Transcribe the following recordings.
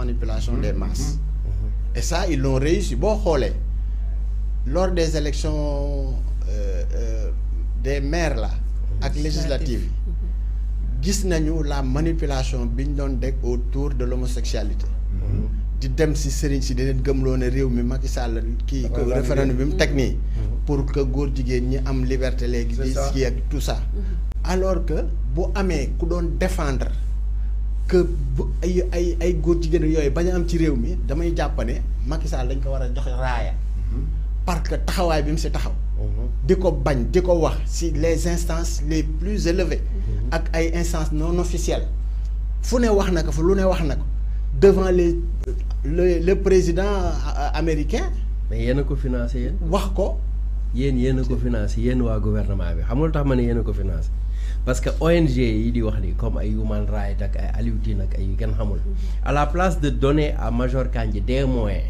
manipulation mm-hmm. des masses. Mm-hmm. Et ça, ils l'ont réussi. Bon, relais. Lors des élections euh, euh, des maires, là, mm-hmm. avec législatives, disent nañu la manipulation biñ doon autour de l'homosexualité di dem si c'est si di de gëmloo ou même mi Macky Sall qui référendum bi mu pour que góor jigéen ñi am liberté légui di ak tout ça alors que bu amé ku doon défendre que ay ay ay goor jigéen yoy baña am ci réew mi damay jàpp Macky Sall dañ ko wara jox raaya. Mhm. parce que taxaway bi mu si taxaw. Mhm. diko bagn diko wax si les instances les plus élevées. Mhm. ak ay instances non officielles. fune wax na ko fu lu ne wax na devant les le le président euh, américain. mais yéen a ko financer yéen. wax ko. yene yéen a ko financer yene wa gouvernement bi xam tax ma ne a ko financer parce que ONG yi di wax ni comme ay Human Rights ak ay à la place de donner à Major Kandji des moyens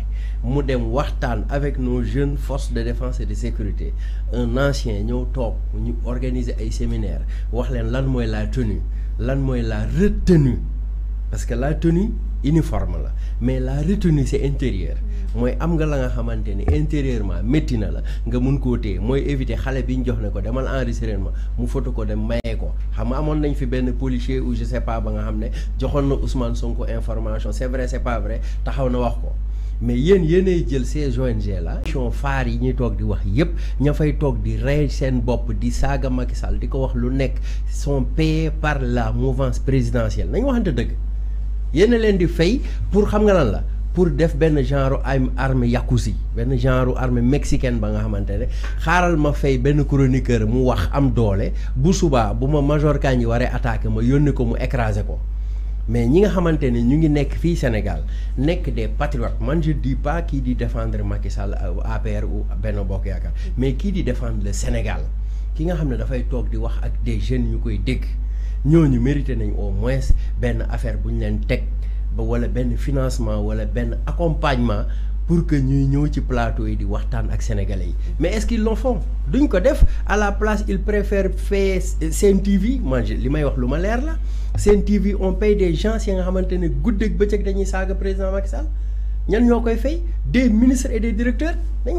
mu dem waxtaan avec nos jeunes forces de défense et de sécurité un ancien ñëw toog ñu organiser ay séminaires wax leen lan mooy la tenue lan mooy la retenue parce que la tenue uniforme la mais la retenue c'est intérieur mm. moy am nga la nga xamante intérieurement métti na la nga mën ko té moy éviter xalé biñ jox na ko demal enregistrer ma mu foto ko dem mayé ko xam amon nañ fi ben policier ou je sais pas ba nga xamné ne na Ousmane Sonko information c'est vrai c'est pas vrai taxaw na wax ko mais yéen yene jël ces ONG là sont far yi ñi tok di wax yépp ña fay tok di ray sen bop di saga Macky Sall diko ko wax lu nekk sont payés par la mouvance présidentielle nañ waxante deug yéen leen di fay pour xam nga lan la pour def benn genre armée yakuza benn genre armée mexicaine ba nga xamante ne xaaral ma fay benn chroniqueur mu wax am doole bu subaa bu ma major Kandji waree attaqué ma yónni ko mu écrasé ko mais ñi nga xamante ne ñu ngi nekk fii Sénégal nekk des patriotes man je dis pas kii di defendre Macky Sall euh, APR ou Benno Bokk Yaakaar mais kii di defendre le Sénégal ki nga xam ne dafay toog di wax ak des jeunes ñu koy dégg. Nous, mérité nañ au moins affaire financement wala accompagnement pour que ñuy ñëw ci plateau yi di waxtaan ak sénégalais mais est-ce qu'ils l'ont font duñ ko à la place ils préfèrent faire TV man li may wax on paye des gens yi nga xamante des ministres et des directeurs dañu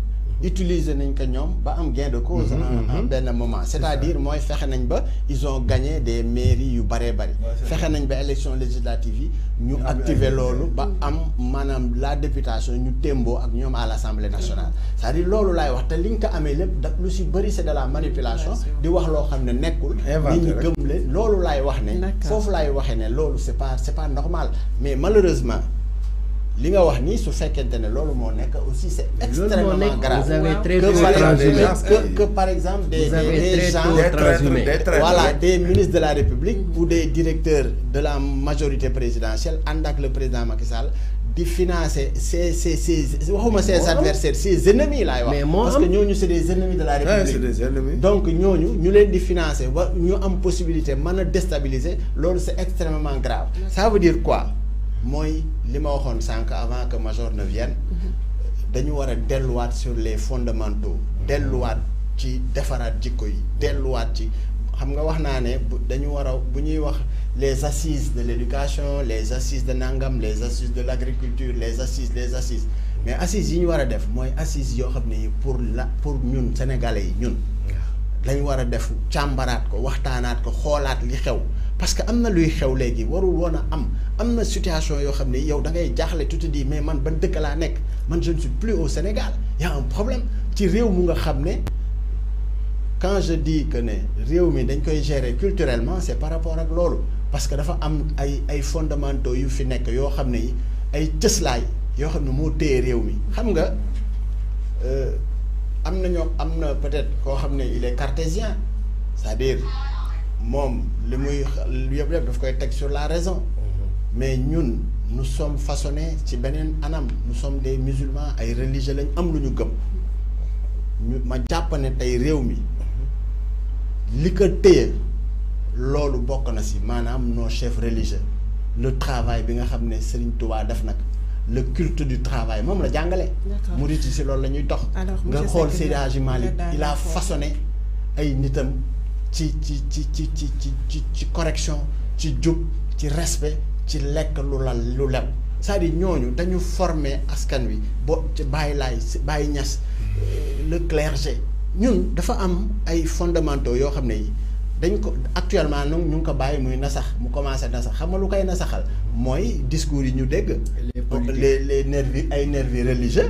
utiliser nañ ko ñoom ba am gain de cause en mhm, mhm. benn moment c'est-à-dire mooy nañ ba ils ont gagné des mairies yu baré-baré faire nañ ba élection législative ñu activer loolu ba mhm. am manam la députation ñu témbo ak à l'Assemblée nationale c'est-à-dire loolu là wax te li nga ko amee lu c'est de la manipulation di wax loo xam ne nekkul nit ñi gëm leen loolu laay wax ne foofu c'est pas c'est pas normal mais malheureusement li nga wax nii su ne Vous avez très aussi c'est extrêmement que par exemple des gens voilà des ministres de la république ou des directeurs de la majorité présidentielle tant le président Macky Sall financent financer ses ses adversaires ennemis là parce que nous, nous sommes des ennemis de la ah, république donc nous nous les di financer avons possibilité de déstabiliser C'est extrêmement grave ça veut dire quoi moy li ma waxoon sànq avant que major ne vienne mm-hmm. dañu wara a sur les fondamentaux delluwaat ci defaraat jikko yi delluwaat ci xam nga wax ne dañu wara buñuy wax les assises de l'éducation les assises de nangam les assises de l'agriculture les assises les assises mais assises yi ñu wara def moy assises yo xamné yi pour la pour ñun sénégalais ñun lañu wara def càmbaraat ko waxtanat ko xolaat li xew parce que amna luy xew legui warul wona am amna situation yo xamné yow da ngay jaxlé tout te mais man ban dëkk la nek man je ne suis plus au Sénégal y a un problème ci rew mu nga xamné quand je dis que ne rew mi dañ koy gérer culturellement c'est par rapport ak lolu parce que dafa am ay ay fondamentaux yu fi nek yo xamné ay cëslaay yo xamné mo moo rew mi xam nga euh, am amna ñoo am peut-être ko xamné il est cartésien c'est-à-dire mom li muy yëpp yëpp daf koy tek sur la raison mm-hmm. mais ñun nous sommes façonnés ci benen anam nous sommes des musulmans ay religieux lañ am luñu gëm ma jàpp ne tey réew mi mm-hmm. li ko lolu bokk na ci manam nos chefs religieux le travail bi nga xamné Serigne Touba def nak le culte du travail mom la jangalé murit ci lolu lañuy la dox nga xol Seydi Hadji il a façonné ay nitam ci correction ci ci respect ci lek lu c'est-à-dire ñooñu dañu former askan wi bo ci euh, le clergé ñun dafa am ay fondamentaux actuellement nous ñu ko baye muy nasax mu xam nga discours yi ñu dégg les les ay nervis religieux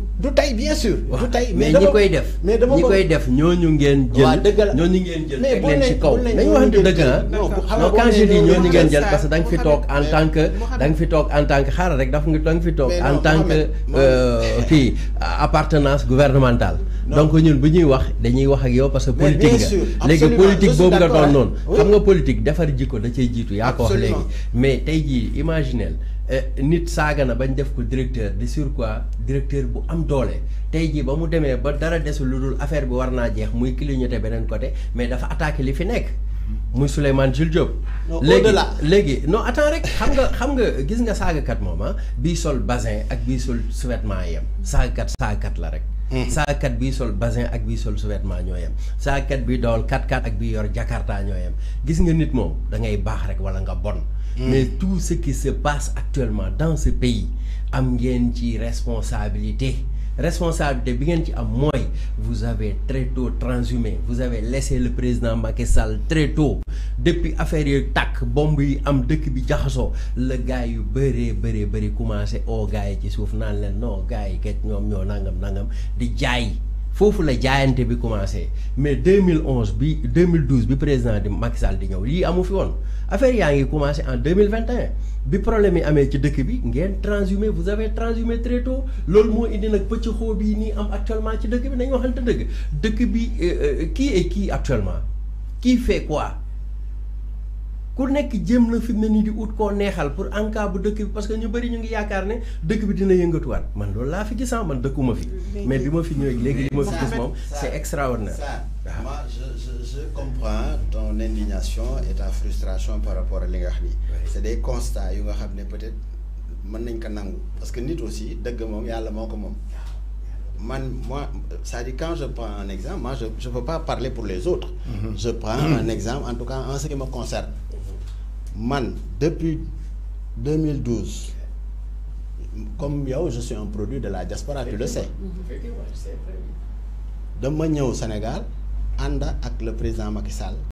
du tey bien sûr. du tey mais ñi koy def mais dama ñi koy def ñooñu ngeen. jël dëgg ñooñu ngeen jël. teg leen ci kaw dañu waxante dëgg ah. non quand je dis ñooñu ngeen jël parce que da fi toog en tant que da nga fi toog en tant que xaaral rek daf nga da nga fi toog en tant que euh, kii appartenance gouvernementale. donc ñun bu ñuy wax dañuy wax ak yow parce que politique nga léegi politique boobu nga doon noonu. xam nga politique defar jikko da cay jiitu yaa ko wax léegi mais tey jii imaginel Eh, nit saaga na bañ def ko directeur de surcroît directeur bu am doole tey jii ba mu demee ba dara desu lu dul affaire bi war naa jeex muy clignoté beneen côté mais dafa attaqué li fi nekk muy Souleymane Jules Diop léegi léegi non attends rek xam nga xam nga gis nga saagakat moom ah bii sol basin ak bii sol sous-vêtement yem saagakat saagakat la rek Mm-hmm. kat bi sol basin ak bi sol sous-vêtement sa kat bi dol 4 4 ak bi yor jakarta ñoo gis nga nit moom da ngay bax rek wala nga bon mm-hmm. mais tout ce qui se passe actuellement dans ce pays am ngeen ci responsabilité responsabilité bi ngeen ci am moy vous avez très tôt transhumé vous avez laissé le président Macky Sall très tôt depuis affaire yi tak bombe yi am dekk bi jaxasoo le gars yu beure beure beure commencé o gars yi ci souf nan len non gars yi kat ñom ñoo nangam nangam di jaay fofu la jaayante bi commencé mais 2011 bi 2012 bi président de Macky Sall di ñew li amu fi won affaire yaa ngi commencé en 2021 bi problème yi amé ci dëkk bi ngeen transhumé vous avez transhumé très tôt lool moo indi nag pëcc xoo bi ni am actuellement ci dëkk bi nañu waxante dëgg dëkk bi qui est qui actuellement qui fait quoi ku nekk jëm na fi mel ni di ut ko neexal pour en cas bu dëkk bi parce que ñu bari ñu ngi yaakaar ne dëkk bi dina yëngatuwaat man loolu laa fi gis ah, man dëkkuma fi mais bi ma fi ñëwee léegi li ma fi gis moom c'est extraordinaire moi je, comprends ton indignation et ta frustration par rapport à li nga xam ni c'est des constats yu nga xam ne peut être mën nañ ko nangu parce que nit aussi dëgg moom yàlla moo ko moom man moi ça dit quand je prends un exemple moi je ne peux pas parler pour les autres mm-hmm. je prends un exemple en tout cas en ce qui me concerne man depuis 2012 comme yow je suis un produit de la diaspora tu le sais manière au Sénégal avec avec le président Macky Sall